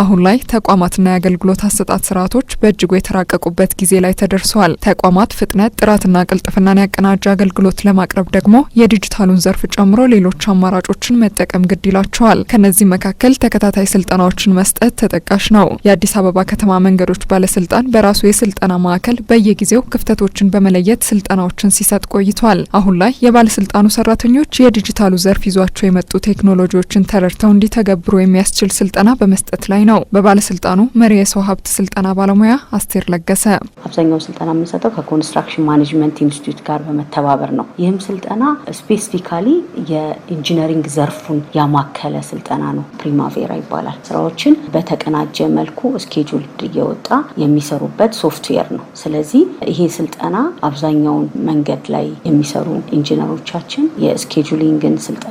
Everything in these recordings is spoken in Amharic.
አሁን ላይ ተቋማትና የአገልግሎት አሰጣጥ ስርዓቶች በእጅጉ የተራቀቁበት ጊዜ ላይ ተደርሰዋል። ተቋማት ፍጥነት፣ ጥራትና ቅልጥፍናን ያቀናጀ አገልግሎት ለማቅረብ ደግሞ የዲጂታሉን ዘርፍ ጨምሮ ሌሎች አማራጮችን መጠቀም ግድ ይላቸዋል። ከነዚህ መካከል ተከታታይ ስልጠናዎችን መስጠት ተጠቃሽ ነው። የአዲስ አበባ ከተማ መንገዶች ባለስልጣን በራሱ የስልጠና ማዕከል በየጊዜው ክፍተቶችን በመለየት ስልጠናዎችን ሲሰጥ ቆይቷል። አሁን ላይ የባለስልጣኑ ሰራተኞች የዲጂታሉ ዘርፍ ይዟቸው የመጡ ቴክኖሎጂዎችን ተረድተው እንዲተገብሩ የሚያስችል ስልጠና በመስጠት ላይ ላይ ነው። በባለስልጣኑ መሪ የሰው ሀብት ስልጠና ባለሙያ አስቴር ለገሰ አብዛኛው ስልጠና የምንሰጠው ከኮንስትራክሽን ማኔጅመንት ኢንስቲትዩት ጋር በመተባበር ነው። ይህም ስልጠና ስፔሲፊካሊ የኢንጂነሪንግ ዘርፉን ያማከለ ስልጠና ነው። ፕሪማቬራ ይባላል። ስራዎችን በተቀናጀ መልኩ ስኬጁልድ እየወጣ የሚሰሩበት ሶፍትዌር ነው። ስለዚህ ይሄ ስልጠና አብዛኛውን መንገድ ላይ የሚሰሩ ኢንጂነሮቻችን የስኬጁሊንግን ስልጠና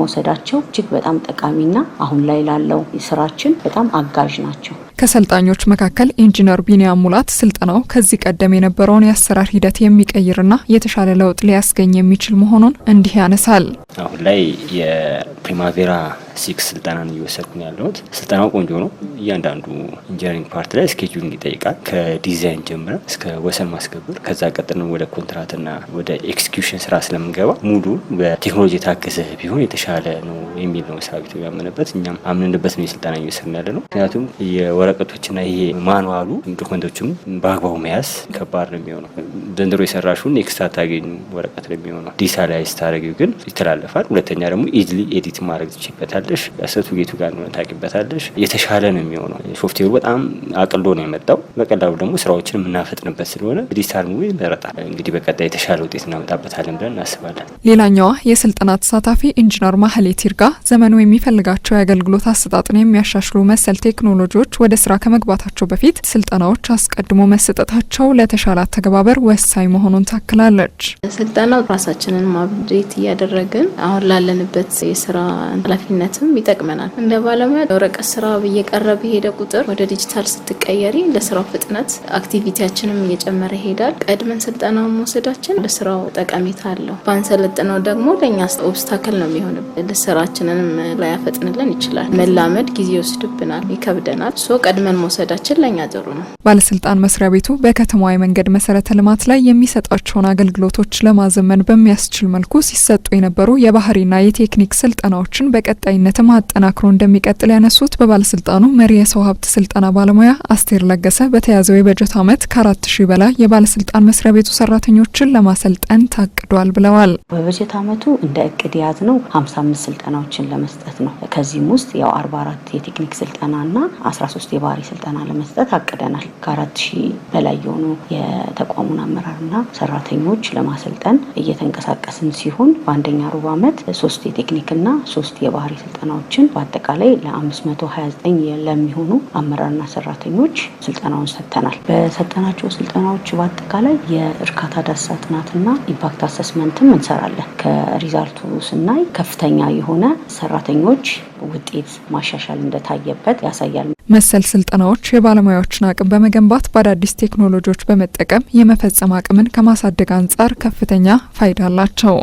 መውሰዳቸው እጅግ በጣም ጠቃሚና አሁን ላይ ላለው ስራችን በጣም አጋዥ ናቸው። ከሰልጣኞች መካከል ኢንጂነር ቢኒያም ሙላት ስልጠናው ከዚህ ቀደም የነበረውን የአሰራር ሂደት የሚቀይርና የተሻለ ለውጥ ሊያስገኝ የሚችል መሆኑን እንዲህ ያነሳል። አሁን ላይ የፕሪማቬራ ሲክስ ስልጠናን እየወሰድኩ ነው ያለሁት። ስልጠናው ቆንጆ ነው። እያንዳንዱ ኢንጂነሪንግ ፓርት ላይ ስኬጁሊንግ ይጠይቃል። ከዲዛይን ጀምረ እስከ ወሰን ማስከበር፣ ከዛ ቀጥለን ወደ ኮንትራትና ወደ ኤክስኪዩሽን ስራ ስለምንገባ ሙሉ በቴክኖሎጂ የታገዘ ቢሆን የተሻለ ነው የሚል ነው መስሪያ ቤቱ ያመነበት፣ እኛም አምንንበት ነው የስልጠና እየወሰድን ያለ ነው። ምክንያቱም የወረቀቶችና ይሄ ማኑዋሉ ዶክመንቶችም በአግባቡ መያዝ ከባድ ነው የሚሆነው። ዘንድሮ የሰራሹን ኤክስትራ ታገኙ ወረቀት ነው የሚሆነው። ዲጂታላይዝ ታደረጊው ግን ይተላለፋል። ሁለተኛ ደግሞ ኢዝሊ ኤዲት ማድረግ ትችይበታል። ታውቂበታለሽ፣ እሰቱ ጌቱ ጋር እንደሆነ ታውቂበታለሽ። የተሻለ ነው የሚሆነው። ሶፍትዌሩ በጣም አቅሎ ነው የመጣው። በቀላሉ ደግሞ ስራዎችን የምናፈጥንበት ስለሆነ ዲጂታል ሙቪ ይመረጣል። እንግዲህ በቀጣይ የተሻለ ውጤት እናመጣበታለን ብለን እናስባለን። ሌላኛዋ የስልጠና ተሳታፊ ኢንጂነር ማህሌት ይርጋ ዘመኑ የሚፈልጋቸው የአገልግሎት አሰጣጥን የሚያሻሽሉ መሰል ቴክኖሎጂዎች ወደ ስራ ከመግባታቸው በፊት ስልጠናዎች አስቀድሞ መሰጠታቸው ለተሻለ አተገባበር ወሳኝ መሆኑን ታክላለች። ስልጠናው ራሳችንን ማብዴት እያደረግን አሁን ላለንበት የስራ ኃላፊነት ለማየትም ይጠቅመናል። እንደ ባለሙያ ወረቀት ስራ እየቀረበ ሄደ ቁጥር ወደ ዲጂታል ስትቀየሪ ለስራው ፍጥነት አክቲቪቲያችንም እየጨመረ ይሄዳል። ቀድመን ስልጠና መውሰዳችን ለስራው ጠቀሜታ አለው። ባንሰለጥነው ደግሞ ለእኛ ኦብስታክል ነው የሚሆንብን፣ ስራችንንም ላያፈጥንልን ይችላል። መላመድ ጊዜ ይወስድብናል፣ ይከብደናል። ሶ ቀድመን መውሰዳችን ለእኛ ጥሩ ነው። ባለስልጣን መስሪያ ቤቱ በከተማዋ የመንገድ መሰረተ ልማት ላይ የሚሰጣቸውን አገልግሎቶች ለማዘመን በሚያስችል መልኩ ሲሰጡ የነበሩ የባህሪና የቴክኒክ ስልጠናዎችን በቀጣይ ተጠቃሚነትም አጠናክሮ እንደሚቀጥል ያነሱት በባለስልጣኑ መሪ የሰው ሀብት ስልጠና ባለሙያ አስቴር ለገሰ በተያዘው የበጀት ዓመት ከአራት ሺህ በላይ የባለስልጣን መስሪያ ቤቱ ሰራተኞችን ለማሰልጠን ታቅዷል ብለዋል። በበጀት ዓመቱ እንደ እቅድ የያዝነው ነው ሀምሳ አምስት ስልጠናዎችን ለመስጠት ነው። ከዚህም ውስጥ ያው አርባ አራት የቴክኒክ ስልጠናና አስራ ሶስት የባህሪ ስልጠና ለመስጠት አቅደናል። ከአራት ሺህ በላይ የሆኑ የተቋሙን አመራርና ሰራተኞች ለማሰልጠን እየተንቀሳቀስን ሲሆን በአንደኛ ሩብ ዓመት ሶስት የቴክኒክና ሶስት የባህሪ ስልጠናዎችን በአጠቃላይ ለ529 ለሚሆኑ አመራርና ሰራተኞች ስልጠናውን ሰጥተናል። በሰጠናቸው ስልጠናዎች በአጠቃላይ የእርካታ ዳሰሳ ጥናትና ኢምፓክት አሰስመንትም እንሰራለን። ከሪዛልቱ ስናይ ከፍተኛ የሆነ ሰራተኞች ውጤት ማሻሻል እንደታየበት ያሳያል። መሰል ስልጠናዎች የባለሙያዎችን አቅም በመገንባት በአዳዲስ ቴክኖሎጂዎች በመጠቀም የመፈጸም አቅምን ከማሳደግ አንጻር ከፍተኛ ፋይዳ አላቸው።